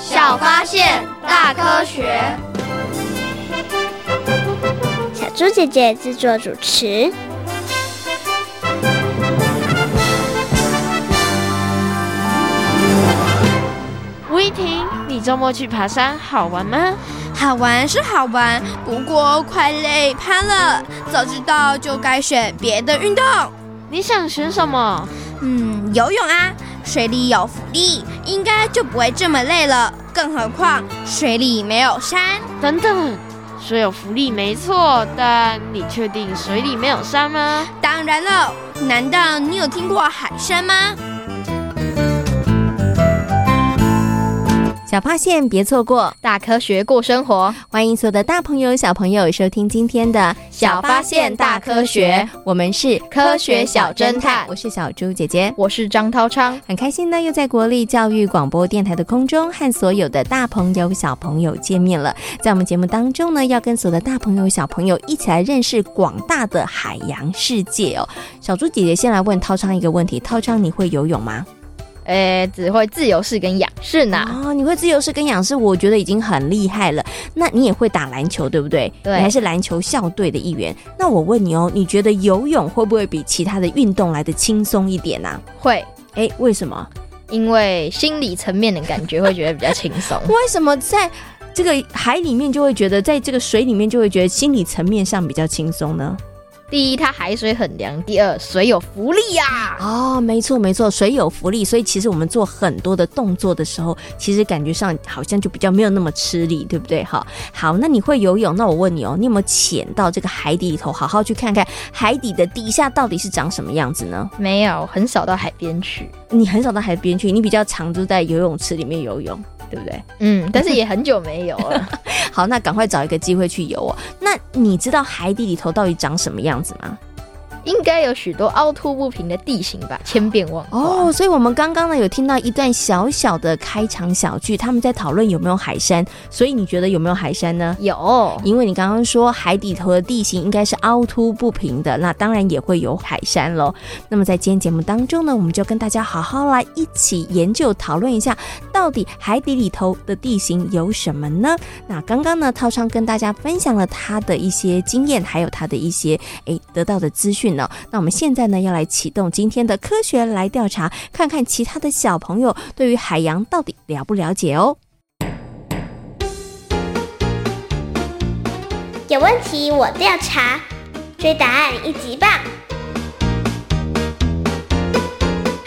小發現，大科學。小豬姐姐製作主持。吳誼庭，你周末去爬山好玩嗎？好玩是好玩，不過快累趴了。早知道就該選別的運動。你想選什麼？嗯，游泳啊。水裡有浮力，應該就不會這麼累了。更何況，水裡沒有山。等等，水有浮力沒錯，但你確定水裡沒有山嗎？當然了，難道你有聽過海山嗎？小發現別錯過，大科學過生活。歡迎所有的大朋友、小朋友收聽今天的《小發現大科學》，我們是科學小偵探。我是小豬姐姐，我是張韜昌。很開心呢，又在國立教育廣播電臺的空中和所有的大朋友、小朋友見面了。在我們節目當中呢，要跟所有的大朋友、小朋友一起來認識廣大的海洋世界哦。小豬姐姐先來問韜昌一個問題：韜昌，你會游泳嗎？誒，只會自由式跟仰式呢。啊、哦，你會自由式跟仰式，我覺得已經很厲害了。那你也會打籃球，對不對？對，你還是籃球校隊的一員。那我問你哦，你覺得游泳會不會比其他的運動來得輕鬆一點呢、啊？會，誒，為什麼？因為心理層面的感覺會覺得比較輕鬆。 為什麼在這個海裡面就會覺得，在這個水裡面就會覺得心理層面上比較輕鬆呢？第一，它海水很涼；第二，水有浮力呀。哦，沒錯沒錯，水有浮力，所以其實我們做很多的動作的時候，其實感覺上好像就比較沒有那麼吃力，對不對？哈，好，那你會游泳？那我問你哦，你有沒有潛到這個海底裡頭，好好去看看海底的底下到底是長什麼樣子呢？沒有，很少到海邊去。你很少到海邊去，你比較常都在游泳池裡面游泳。對不對？嗯，但是也很久沒游了。 好，那趕快找一個機會去游啊、哦！那你知道海底裡頭到底長什麼樣子嗎？應該有許多凹凸不平的地形吧，千變萬化哦，所以我們剛剛呢，有聽到一段小小的開場小劇，他們在討論有沒有海山，所以你覺得有沒有海山呢？有，因為你剛剛說海底頭的地形應該是凹凸不平的，那當然也會有海山嘍。那麼在今天節目當中呢，我們就跟大家好好來一起研究討論一下，到底海底裡頭的地形有什麼呢？那剛剛呢，韜昌跟大家分享了他的一些經驗，還有他的一些哎、欸、得到的資訊。那我們現在呢，要來啟動今天的科學來調查，看看其他的小朋友對於海洋到底了不了解哦。有問題我調查，追答案一級棒。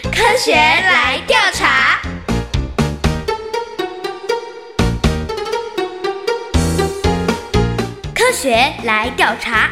科學來調查，科學來調查。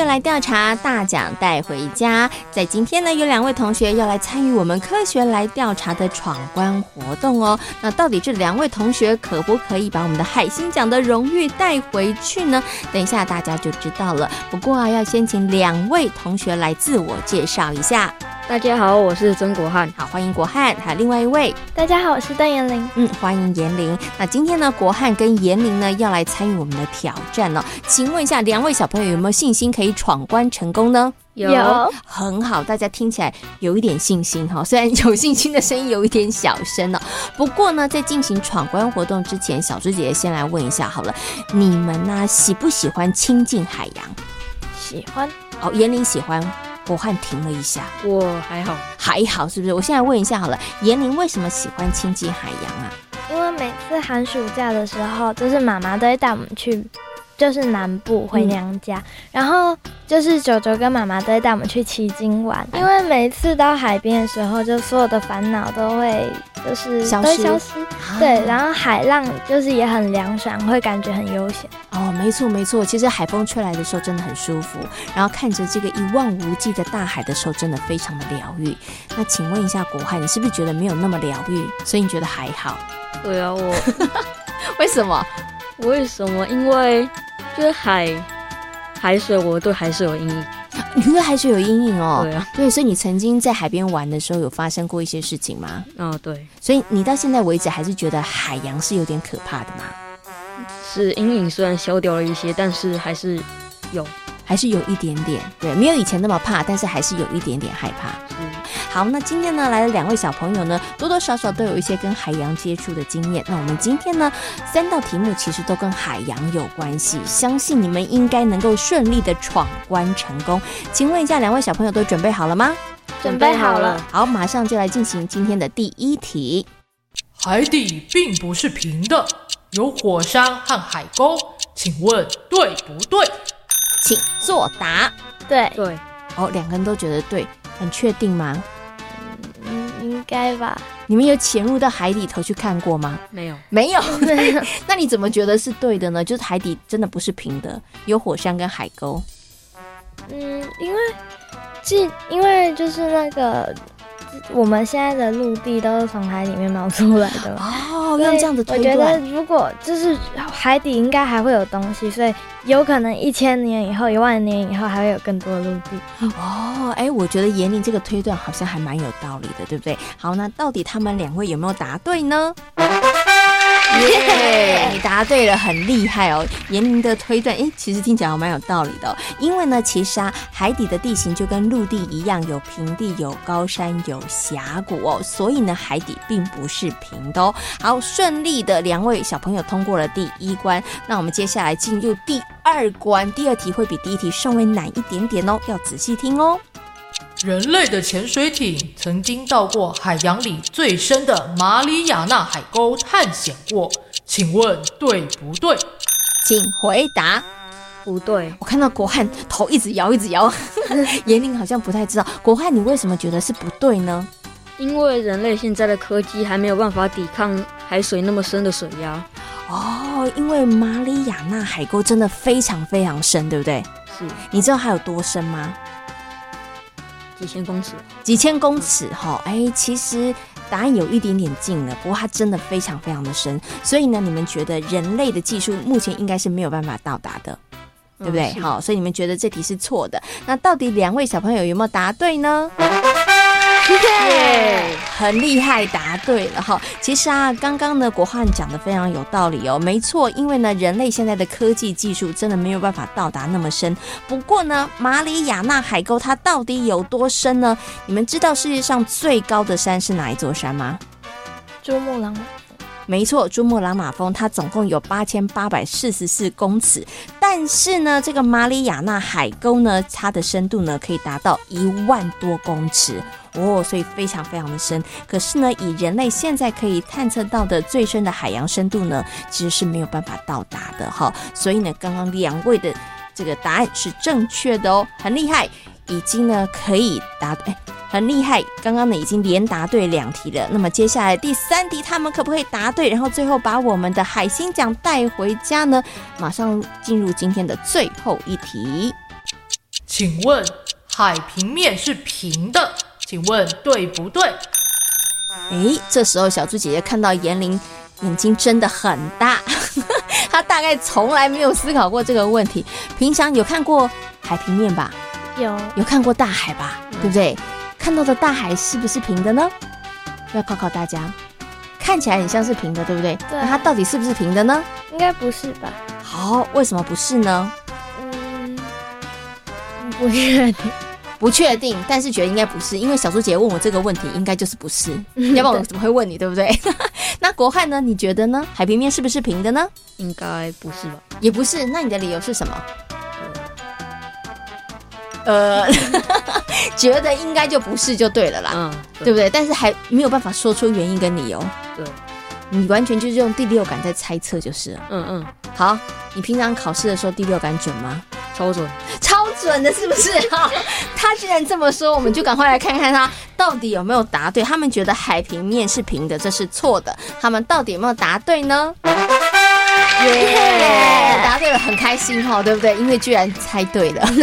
學來調查大獎帶回家，在今天呢，有兩位同學要來參與我們科學來調查的闖關活動哦。那到底這兩位同學可不可以把我們的海星獎的榮譽帶回去呢？等一下大家就知道了。不過啊，要先請兩位同學來自我介紹一下。大家好，我是曾國翰，好，歡迎國翰，還有另外一位。大家好，我是鄧妍玲，嗯，歡迎妍玲。那今天呢，國翰跟妍玲呢要來參與我們的挑戰呢、哦。請問一下，兩位小朋友有沒有信心可以？可以闖關成功呢？有。很好，大家聽起來有一點信心哈。雖然有信心的聲音有一點小聲了，不過呢，在進行闖關活動之前，小豬姐姐先來問一下好了，你們呢、啊、喜不喜歡親近海洋？喜歡。哦，妍玲喜歡。我漢停了一下，我還好，還好，是不是？我現在問一下好了，妍玲為什麼喜歡親近海洋啊？因為每次寒暑假的時候，就是媽媽都會帶我們去。就是南部回娘家，嗯、然後就是舅舅跟媽媽都會帶我們去旗津玩，因為每一次到海邊的時候，就所有的煩惱都會就是消失，啊，對，然後海浪就是也很涼爽，嗯、會感覺很悠閒。哦，沒錯沒錯，其實海風吹來的時候真的很舒服，然後看着這個一望無際的大海的時候，真的非常的療癒。那請問一下國翰，你是不是覺得沒有那麼療癒，所以你覺得還好？對啊、哦，我 為什麼？為什麼？因為就是海海水，我對海水有陰影。啊、你對海水有陰影哦。對啊。對，所以你曾經在海邊玩的時候，有發生過一些事情嗎？嗯、哦，對。所以你到現在為止還是覺得海洋是有點可怕的嗎？是，陰影雖然消掉了一些，但是還是有，還是有一點點。對，沒有以前那麼怕，但是還是有一點點害怕。好，那今天呢，來了兩位小朋友呢，多多少少都有一些跟海洋接觸的經驗。那我們今天呢，三道題目其實都跟海洋有關係，相信你們應該能夠順利的闖關成功。請問一下，兩位小朋友都準備好了嗎？準備好了。好，馬上就來進行今天的第一題。海底並不是平的，有火山和海溝，請問對不對？請作答。對對。好，哦，兩個人都覺得對，很確定嗎？該吧，你們有潛入到海裡頭去看過嗎？沒有，沒有。 那你怎麼覺得是對的呢？就是海底真的不是平的，有火山跟海溝。嗯，因為這，因為就是那個。我們現在的陸地都是從海裡面冒出來的哦，用這樣子推斷，我覺得如果就是海底應該還會有東西，所以有可能一千年以後、一萬年以後還會有更多陸地哦。哎、欸，我覺得妍玲這個推斷好像還蠻有道理的，對不對？好，那到底他們兩位有沒有答對呢？耶、yeah. yeah.！你答對了，很厲害哦。嚴明的推斷，誒、欸、其實聽起來還蠻有道理的哦。因為呢，其實、啊、海底的地形就跟陸地一樣，有平地，有高山，有峽谷哦。所以呢，海底並不是平的哦。好，順利的兩位小朋友通過了第一關，那我們接下來進入第二關。第二題會比第一題稍微難一點點哦，要仔細聽哦。人類的潛水艇曾經到過海洋裡最深的馬里亞納海溝探險過，請問對不對？請回答，不對。我看到國翰頭一直搖，一直搖，妍 玲好像不太知道。國翰，你為什麼覺得是不對呢？因為人類現在的科技還沒有辦法抵抗海水那麼深的水壓。哦，因為馬里亞納海溝真的非常非常深，對不對？是。你知道它有多深嗎？幾千公尺，幾千公尺哈，誒、嗯哦欸，其實答案有一點點近了，不過它真的非常非常的深，所以呢，你們覺得人類的技術目前應該是沒有辦法到達的，對不對？好、嗯哦，所以你們覺得這題是錯的，那到底兩位小朋友有沒有答對呢？很厲害，答對了哈！其實啊，剛剛呢，國漢講的非常有道理哦，沒錯，因為呢，人類現在的科技技術真的沒有辦法到達那麼深。不過呢，馬里亞納海溝它到底有多深呢？你們知道世界上最高的山是哪一座山嗎？珠穆朗瑪。沒錯，珠穆朗瑪峰它總共有八千八百四十四公尺，但是呢，這個馬里亞納海溝呢，它的深度呢，可以達到一萬多公尺哦，所以非常非常的深。可是呢，以人類現在可以探測到的最深的海洋深度呢，其實是沒有辦法到達的哈。所以呢，剛剛兩位的這個答案是正確的哦，很厲害，已經呢可以答哎。欸很厲害，剛剛呢已經連答對兩題了。那麼接下來第三題，他們可不可以答對？然後最後把我們的海星獎帶回家呢？馬上進入今天的最後一題。請問海平面是平的，請問對不對？哎，這時候小豬姐姐看到妍玲眼睛真的很大，她 大概從來沒有思考過這個問題。平常有看過海平面吧？有，有看過大海吧？對不對？看到的大海是不是平的呢？要考考大家，看起來很像是平的，對不對？對。那它到底是不是平的呢？應該不是吧。好，為什麼不是呢？嗯，不確定，不確定，但是覺得應該不是，因為小豬姐問我這個問題，應該就是不是，嗯、要不然我怎麼會問你，對不對？ 那國翰呢？你覺得呢？海平面是不是平的呢？應該不是吧？也不是，那你的理由是什麼？嗯、呃。 覺得應該就不是就對了啦，嗯對，對不對？但是還沒有辦法說出原因跟理由、哦，對，你完全就是用第六感在猜測就是了，嗯嗯，好，你平常考試的時候第六感準嗎？超準，超準的，是不是 好。他居然這麼說，我們就趕快來看看他到底有沒有答對。他們覺得海平面是平的，這是錯的，他們到底有沒有答對呢？ yeah! 答對了，很開心哈、哦，對不對？因為居然猜對了。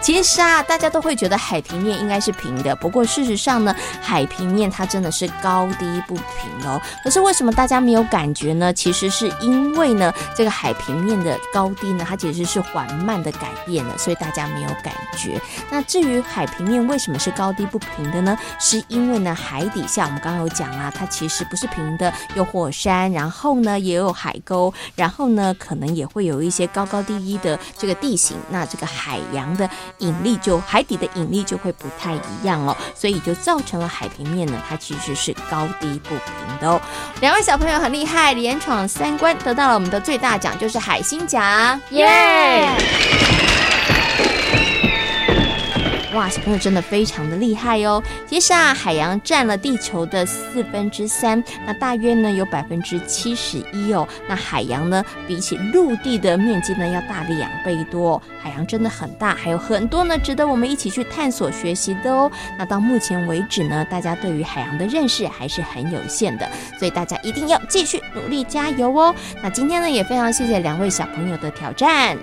其實啊，大家都會覺得海平面應該是平的。不過事實上呢，海平面它真的是高低不平哦。可是為什麼大家沒有感覺呢？其實是因為呢，這個海平面的高低呢，它其實是緩慢的改變的。所以大家沒有感覺。那至於海平面為什麼是高低不平的呢？是因為呢，海底下我們剛剛有講啊，它其實不是平的，有火山，然後呢也有海溝，然後呢可能也會有一些高高低低的這個地形。那這個海洋的引力就，海底的引力就會不太一樣哦，所以就造成了海平面呢，它其實是高低不平的哦。兩位小朋友很厲害，連闖三關，得到了我們的最大獎，就是海星獎，耶、yeah! yeah!！哇，小朋友真的非常的厲害哦！其實啊，海洋占了地球的四分之三，那大約呢有百分之七十一哦。那海洋呢，比起陸地的面積呢要大兩倍多，海洋真的很大，還有很多呢值得我們一起去探索學習的哦。那到目前為止呢，大家對於海洋的認識還是很有限的，所以大家一定要繼續努力加油哦。那今天呢，也非常謝謝兩位小朋友的挑戰。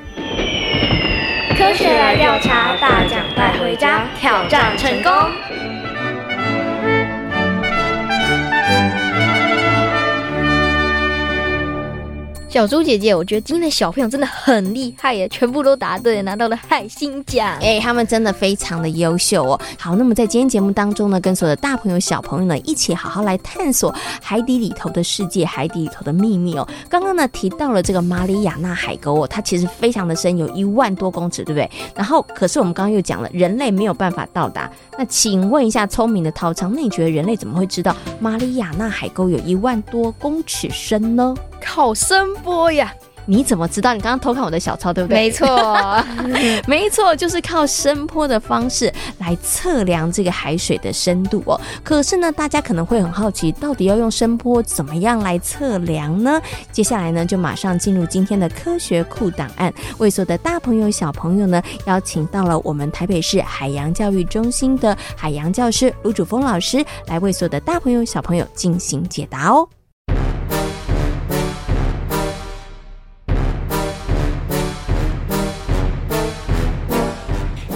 科學來調查，大獎帶回家，挑戰成功。小豬姐姐，我覺得今天的小朋友真的很厲害耶，全部都答對，拿到了海星獎。誒、欸，他們真的非常的優秀哦。好，那麼在今天節目當中呢，跟所有的大朋友、小朋友呢，一起好好來探索海底裡頭的世界，海底裡頭的祕密哦。剛剛呢提到了這個馬里亞納海溝哦，它其實非常的深，有一萬多公尺，對不對？然後，可是我們剛剛又講了，人類沒有辦法到達。那請問一下，聰明的韜昌，那你覺得人類怎麼會知道馬里亞納海溝有一萬多公尺深呢？靠聲波呀！你怎麼知道？你剛剛偷看我的小抄，對不對？沒錯， 沒錯，就是靠聲波的方式來測量這個海水的深度哦。可是呢，大家可能會很好奇，到底要用聲波怎麼樣來測量呢？接下來呢，就馬上進入今天的科學酷檔案。為所有的大朋友、小朋友呢，邀請到了我們台北市海洋教育中心的海洋教師盧主峰老師來為所有的大朋友、小朋友進行解答哦。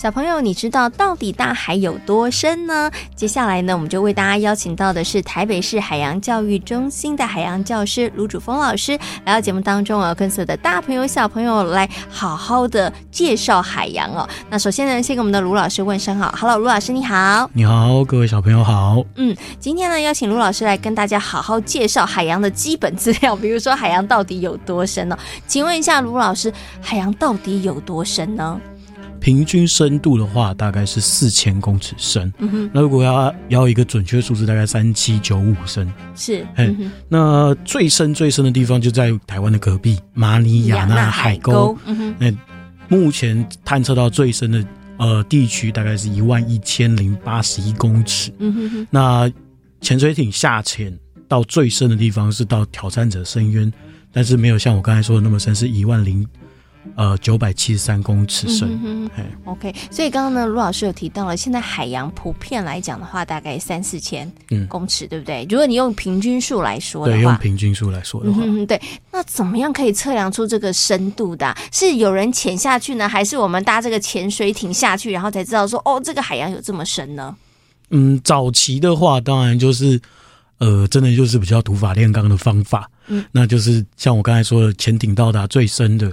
小朋友，你知道到底大海有多深呢？接下來呢，我們就為大家邀請到的是台北市海洋教育中心的海洋教師盧主峰老師來到節目當中，要跟所有的大朋友小朋友來好好的介紹海洋哦。那首先呢，先跟我們的盧老師問聲好，Hello，盧老師你好。你好，各位小朋友好。嗯，今天呢，邀請盧老師來跟大家好好介紹海洋的基本資料，比如說海洋到底有多深呢？哦？請問一下盧老師，海洋到底有多深呢？平均深度的話，大概是四千公尺深、嗯。那如果要要一個準確數字，大概三七九五深。是、欸嗯，那最深最深的地方就在台灣的隔壁馬里亞納海溝。嗯那、欸、目前探測到最深的呃地區，大概是一萬一千零八十一公尺。嗯哼哼。那潛水艇下潛到最深的地方是到挑戰者深淵，但是沒有像我剛才說的那麼深，是一萬零。呃，九百七十三公尺深嗯，OK 嗯。所以剛剛呢，盧老師有提到了，現在海洋普遍來講的話，大概三四千公尺，嗯、對不對？如果你用平均數來說的話，對，用平均數來說的話，嗯，對。那怎麼樣可以測量出這個深度的、啊？是有人潛下去呢，還是我們搭這個潛水艇下去，然後才知道說，哦，這個海洋有這麼深呢？嗯，早期的話，當然就是，呃，真的就是比較土法煉鋼的方法，嗯，那就是像我剛才說的，潛艇到達最深的。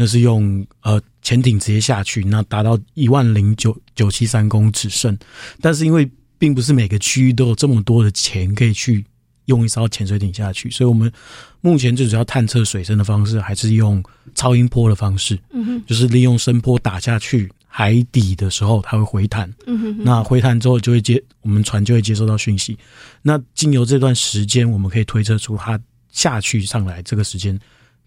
那是用呃潛艇直接下去，那達到一萬零九九七三公尺深，但是因為並不是每個區域都有這麼多的錢可以去用一艘潛水艇下去，所以我們目前最主要探測水深的方式還是用超音波的方式，嗯哼，就是利用聲波打下去海底的時候，它會回彈，嗯哼，那回彈之後就會接我們船就會接收到訊息，那經由這段時間，我們可以推測出它下去上來這個時間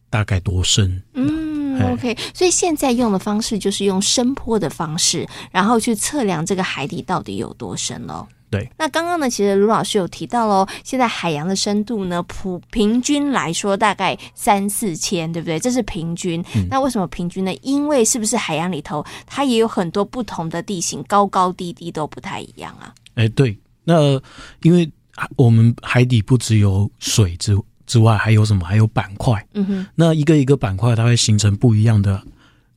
大概多深，嗯。嗯 OK，所以現在用的方式就是用聲波的方式，然後去測量這個海底到底有多深哦，對，那剛剛呢，其實盧老師有提到嘍，現在海洋的深度呢，普平均來說大概三四千，對不對？這是平均。嗯。那為什麼平均呢？因為是不是海洋裡頭它也有很多不同的地形，高高低低都不太一樣啊？哎，對，那因為我們海底不只有水之外。 之外還有什麼？還有板塊。嗯哼，那一個一個板塊，它會形成不一樣的，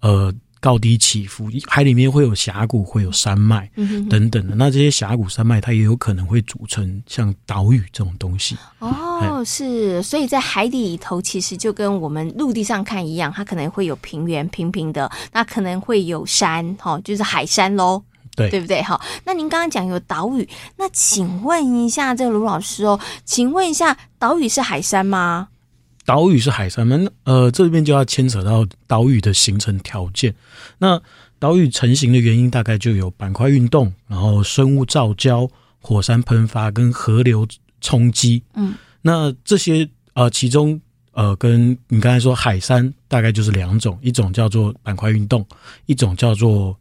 呃，高低起伏。海裡面會有峽谷，會有山脈、嗯、哼哼等等的。那這些峽谷、山脈，它也有可能會組成像島嶼這種東西。哦，是，所以在海底頭其實就跟我們陸地上看一樣，它可能會有平原平平的，那可能會有山，哈、哦，就是海山嘍。對，對不對？好，那您剛剛講有島嶼，那請問一下，這個盧老師哦，請問一下，島嶼是海山嗎？島嶼是海山嗎？呃，這邊就要牽扯到島嶼的形成條件。那島嶼成型的原因大概就有板塊運動，然後生物造礁、火山噴發跟河流衝擊。嗯，那這些呃，其中呃，跟你剛才說海山大概就是兩種，一種叫做板塊運動，一種叫做。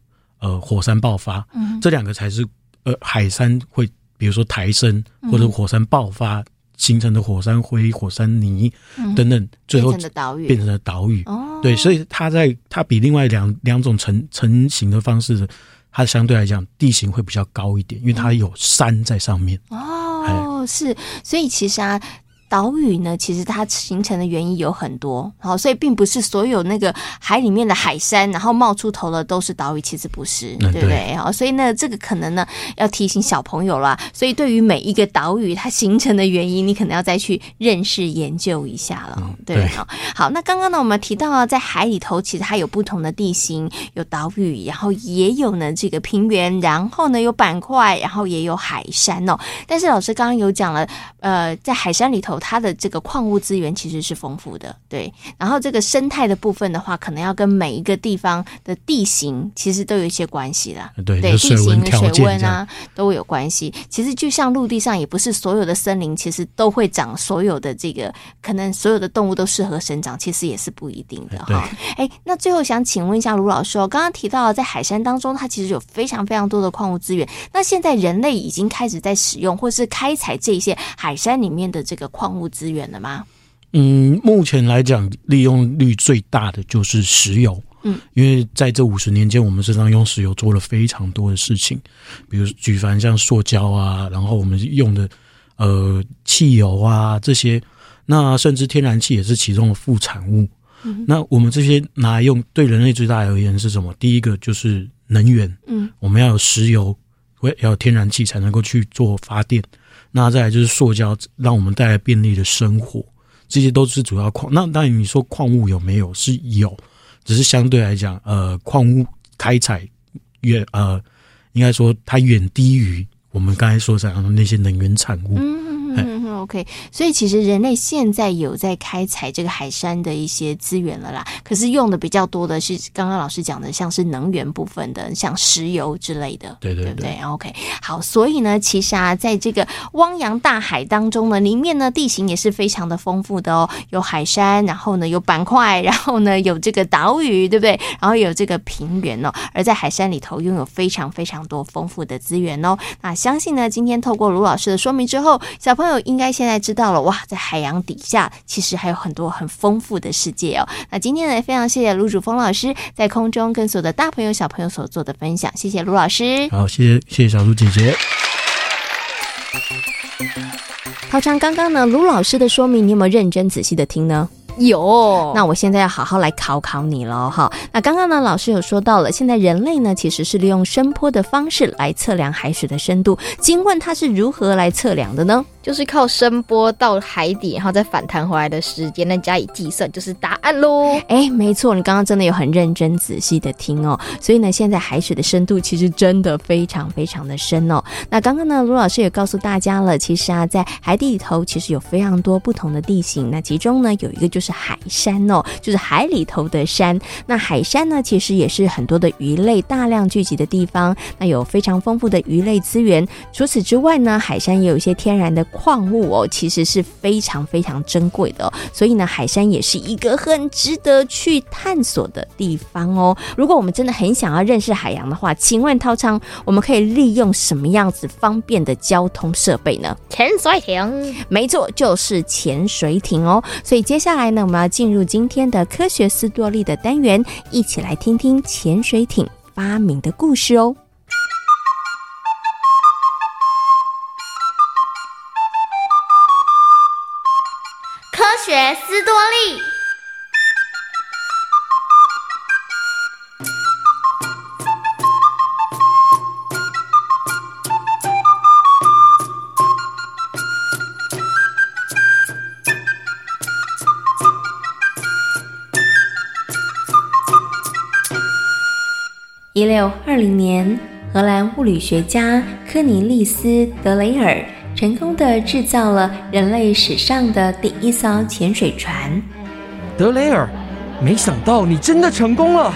呃，火山爆發、嗯，這兩個才是呃，海山會，比如說抬升、嗯、或者火山爆發形成的火山灰、火山泥、嗯、等等，最後變成了島嶼。變成了島嶼，哦、對，所以它在它比另外兩兩種成成型的方式，它相對來講地形會比較高一點，嗯、因為它有山在上面。哦，哎、是，所以其實啊。島嶼呢，其實它形成的原因有很多，好，所以並不是所有那個海裡面的海山，然後冒出頭的都是島嶼，其實不是，對不對？好、嗯，所以呢，這個可能呢要提醒小朋友了。所以對於每一個島嶼，它形成的原因，你可能要再去認識研究一下了，對。好、嗯，好，那剛剛呢，我們提到了在海裡頭，其實它有不同的地形，有島嶼，然後也有呢這個平原，然後呢有板塊，然後也有海山哦。但是老師剛剛有講了，呃，在海山裡頭。它的這個礦物資源其實是豐富的，對。然後這個生態的部分的話，可能要跟每一個地方的地形其實都有一些關係啦，對，對地形的水、啊、水溫啊都有關係。其實就像陸地上，也不是所有的森林其實都會長所有的這個，可能所有的動物都適合生長，其實也是不一定的哈。哎、欸，那最後想請問一下盧老師哦，剛剛提到在海山當中，它其實有非常非常多的礦物資源，那現在人類已經開始在使用或是開採這些海山裡面的這個礦礦物資源的嗎？嗯，目前來講利用率最大的就是石油。嗯，因為在這五十年間，我們身上用石油做了非常多的事情，比如舉凡像塑膠啊，然後我們用的呃汽油啊這些，那甚至天然氣也是其中的副產物。嗯，那我們這些拿來用，對人類最大而言是什麼？第一個就是能源。嗯，我們要有石油，要有天然氣才能夠去做發電。那再來就是塑膠，讓我們帶來便利的生活，這些都是主要礦。那當然你說礦物有沒有？是有，只是相對來講，呃，礦物開採遠呃，應該說它遠低於我們剛才所講的那些能源產物。嗯 OK，所以其實人類現在有在開採這個海山的一些資源了啦。可是用的比較多的是剛剛老師講的，像是能源部分的，像石油之類的。對對對。對不對？OK，好，所以呢，其實啊，在這個汪洋大海當中呢，裡面呢，地形也是非常的豐富的哦，有海山，然後呢有板塊，然後呢有這個島嶼，對不對？然後有這個平原哦。而在海山裡頭擁有非常非常多豐富的資源哦。那相信呢，今天透過盧老師的說明之後，小朋友應該。現在知道了哇，在海洋底下其實還有很多很豐富的世界哦。那今天呢，非常謝謝盧主峰老師在空中跟所有的大朋友、小朋友所做的分享，謝謝盧老師。好，謝謝，謝謝小盧姐姐。好，韜昌，剛剛呢，盧老師的說明，你有沒有認真仔細的聽呢？有，那我現在要好好來考考你嘍，哈。那剛剛呢，老師有說到了，現在人類呢其實是利用聲波的方式來測量海水的深度。請問它是如何來測量的呢？就是靠聲波到海底，然後再反彈回來的時間，那加以計算，就是答案嘍。哎，沒錯，你剛剛真的有很認真仔細的聽哦。所以呢，現在海水的深度其實真的非常非常的深哦。那剛剛呢，盧老師也告訴大家了，其實啊，在海底裡頭其實有非常多不同的地形，那其中呢有一個就是。是海山哦，就是海裡頭的山。那海山呢，其實也是很多的魚類大量聚集的地方，那有非常豐富的魚類資源。除此之外呢，海山也有一些天然的礦物哦，其實是非常非常珍貴的哦。所以呢，海山也是一個很值得去探索的地方哦。如果我們真的很想要認識海洋的話，請問韜昌，我們可以利用什麼樣子方便的交通設備呢？潛水艇，沒錯，就是潛水艇哦。所以接下來呢。那我們要進入今天的科學斯多利的單元，一起來聽聽潛水艇發明的故事哦。科學斯多利。一六二零年，荷蘭物理學家科尼利斯·德雷爾成功地製造了人類史上的第一艘潛水船。德雷爾，沒想到你真的成功了，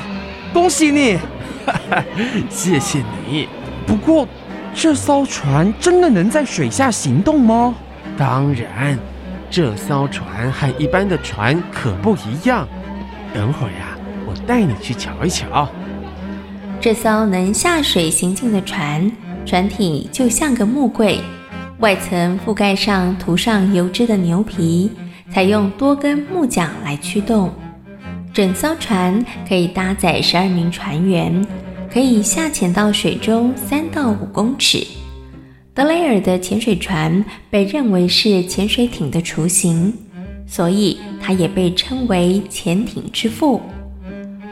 恭喜你！哈哈，謝謝你。不過，這艘船真的能在水下行動嗎？當然，這艘船和一般的船可不一樣。等會兒呀，我帶你去瞧一瞧。這艘能下水行進的船，船體就像個木櫃，外層覆蓋上塗上油脂的牛皮，採用多根木槳來驅動。整艘船可以搭載十二名船員，可以下潛到水中三到五公尺。德雷爾的潛水船被認為是潛水艇的雛形，所以它也被稱為“潛艇之父”。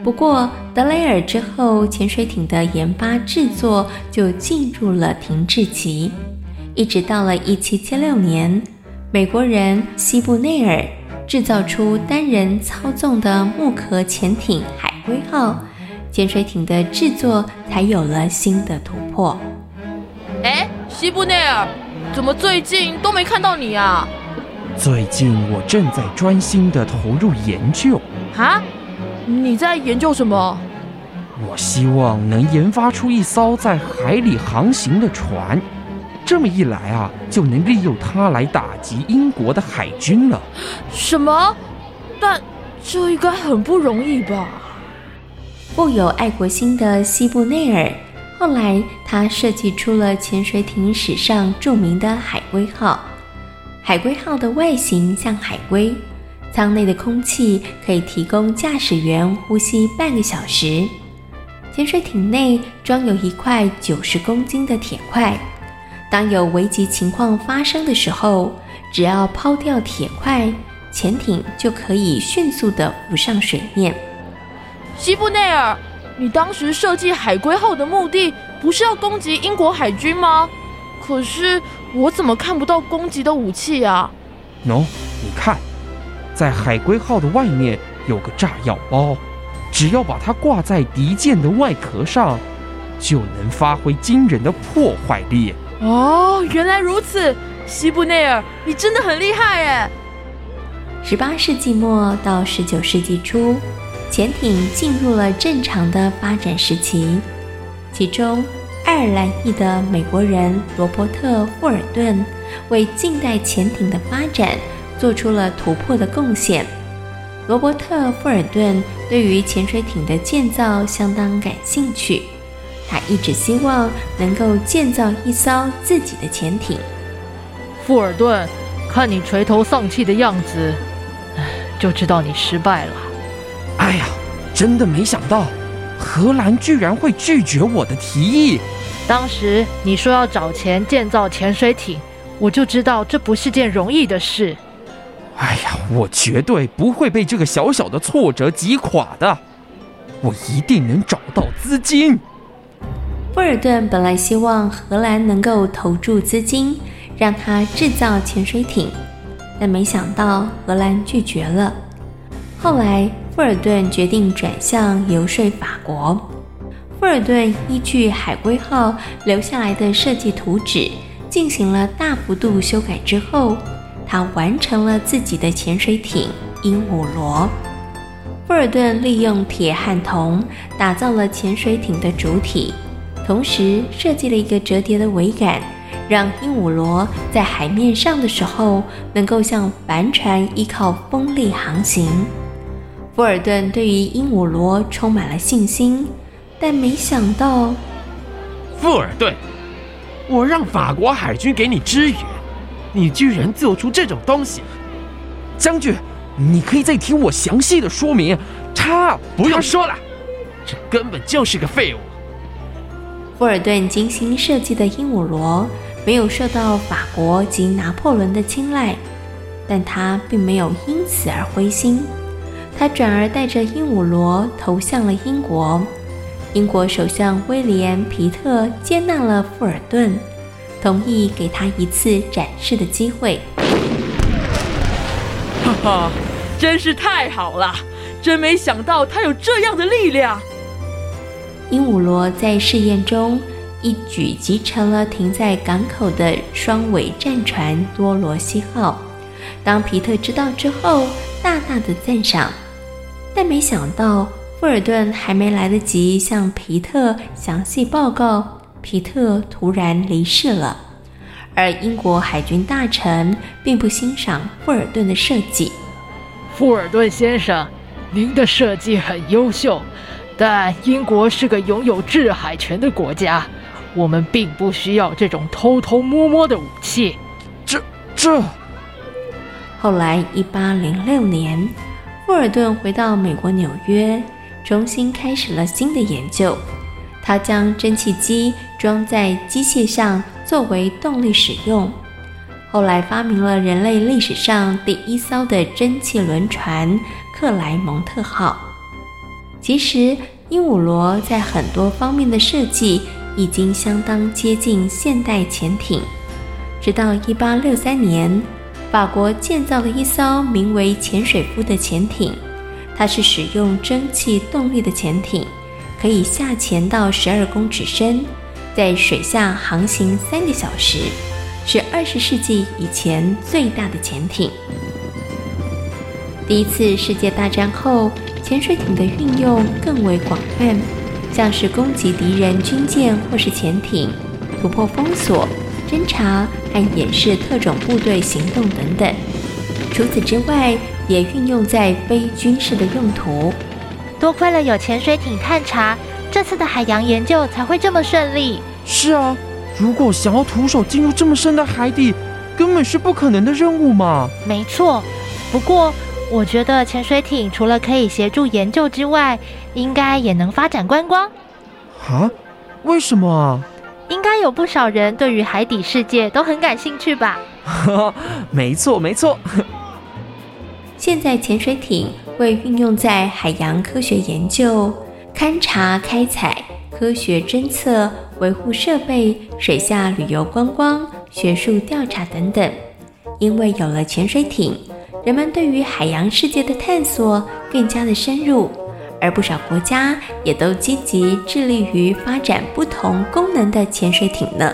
不過，德雷爾之後，潛水艇的研發製作就進入了停滯期，一直到了1776年，美國人西布內爾製造出單人操縱的木殼潛艇“海龜號”，潛水艇的製作才有了新的突破。哎，西布內爾，怎麼最近都沒看到你啊？最近我正在專心地投入研究。哈？你在研究什麼？我希望能研發出一艘在海裡航行的船，這麼一來啊，就能利用它來打擊英國的海軍了。什麼？但這應該很不容易吧？富有愛國心的西布內爾，後來他設計出了潛水艇史上著名的海龜號。海龜號的外形像海龜。艙內的空氣可以提供駕駛員呼吸半個小時。潛水艇內裝有一塊九十公斤的鐵塊，當有危急情況發生的時候，只要拋掉鐵塊，潛艇就可以迅速的浮上水面。西布內爾，你當時設計海龜號的目的不是要攻擊英國海軍嗎？可是我怎麼看不到攻擊的武器啊？no，你看。在海龜號的外面有個炸藥包，只要把它掛在敵艦的外殼上，就能發揮驚人的破壞力。哦，原來如此，西布內爾，你真的很厲害誒。十八世紀末到十九世紀初，潛艇進入了正常的發展時期，其中愛爾蘭裔的美國人羅伯特·霍爾頓為近代潛艇的發展。做出了突破的貢獻。羅伯特·富爾頓對於潛水艇的建造相當感興趣，他一直希望能夠建造一艘自己的潛艇。富爾頓，看你垂頭喪氣的樣子，唉，就知道你失敗了。哎呀，真的沒想到，荷蘭居然會拒絕我的提議。當時你說要找錢建造潛水艇，我就知道這不是件容易的事。哎呀，我絕對不會被這個小小的挫折擊垮的，我一定能找到資金。富爾頓本來希望荷蘭能夠投注資金，讓他製造潛水艇，但沒想到荷蘭拒絕了。後來，富爾頓決定轉向遊說法國。富爾頓依據海龜號留下來的設計圖紙進行了大幅度修改之後。他完成了自己的潛水艇鸚鵡螺。富爾頓利用鐵和銅打造了潛水艇的主體，同時設計了一個摺疊的桅杆，讓鸚鵡螺在海面上的時候能夠像帆船依靠風力航行。富爾頓對於鸚鵡螺充滿了信心，但沒想到，富爾頓，我讓法國海軍給你支援。你居然做出這種東西。將軍，你可以再聽我詳細的說明。他不用他說了，這根本就是個廢物。富爾頓精心設計的鸚鵡螺沒有受到法國及拿破崙的青睞，但他並沒有因此而灰心，他轉而帶着鸚鵡螺投向了英國。英國首相威廉·皮特接納了富爾頓。同意給他一次展示的機會。哈哈，真是太好了！真沒想到他有這樣的力量。鸚鵡螺在試驗中一舉集成擊沉了停在港口的雙尾戰船多羅西號。當皮特知道之後，大大的讚賞。但沒想到富爾頓還沒來得及向皮特詳細報告。皮特突然離世了，而英國海軍大臣並不欣賞富爾頓的設計。富爾頓先生，您的設計很優秀，但英國是個擁有制海權的國家，我們並不需要這種偷偷摸摸的武器。這這……後來，一八零六年，富爾頓回到美國紐約，重新開始了新的研究。他將蒸汽機裝在機械上作為動力使用，後來發明了人類歷史上第一艘的蒸汽輪船“克萊蒙特號”。其實，鸚鵡螺在很多方面的設計已經相當接近現代潛艇。直到1863年，法國建造了一艘名為“潛水夫”的潛艇，它是使用蒸汽動力的潛艇。可以下潛到十二公尺深，在水下航行三個小時，是二十世紀以前最大的潛艇。第一次世界大戰後，潛水艇的運用更為廣泛，像是攻擊敵人軍艦或是潛艇、突破封鎖、偵察和掩飾特種部隊行動等等。除此之外，也運用在非軍事的用途。多虧了有潛水艇探查，這次的海洋研究才會這麼順利。是啊，如果想要徒手進入這麼深的海底，根本是不可能的任務嘛。沒錯，不過我覺得潛水艇除了可以協助研究之外，應該也能發展觀光。啊？為什麼？應該有不少人對於海底世界都很感興趣吧。沒 錯，沒錯。沒錯 現在潛水艇。會運用在海洋科學研究、勘察、開採、科學偵測、維護設備、水下旅遊觀光、學術調查等等。因為有了潛水艇，人們對於海洋世界的探索更加的深入，而不少國家也都積極致力於發展不同功能的潛水艇呢。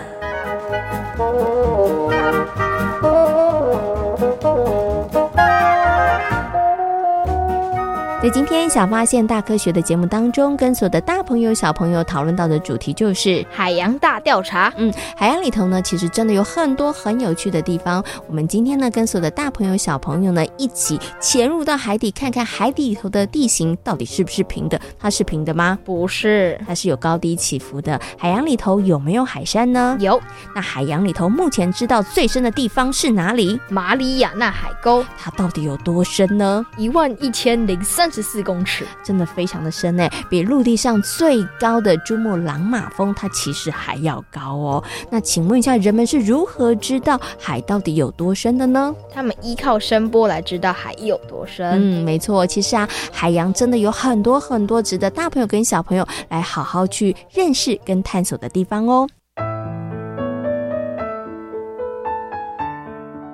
所以今天《小發現大科學》的節目當中，跟所有的大朋友、小朋友討論到的主題就是海洋大調查。嗯，海洋裡頭呢，其實真的有很多很有趣的地方。我們今天呢，跟所有的大朋友、小朋友呢，一起潛入到海底，看看海底裡頭的地形到底是不是平的？它是平的嗎？不是，它是有高低起伏的。海洋裡頭有沒有海山呢？有。那海洋裡頭目前知道最深的地方是哪裡？馬里亞納海溝。它到底有多深呢？一萬一千零三十。十四公尺，真的非常的深誒、欸，比陸地上最高的珠穆朗瑪峰，它其實還要高哦。那請問一下，人們是如何知道海到底有多深的呢？他們依靠聲波來知道海有多深。嗯，沒錯，其實啊，海洋真的有很多很多值得大朋友跟小朋友來好好去認識跟探索的地方哦。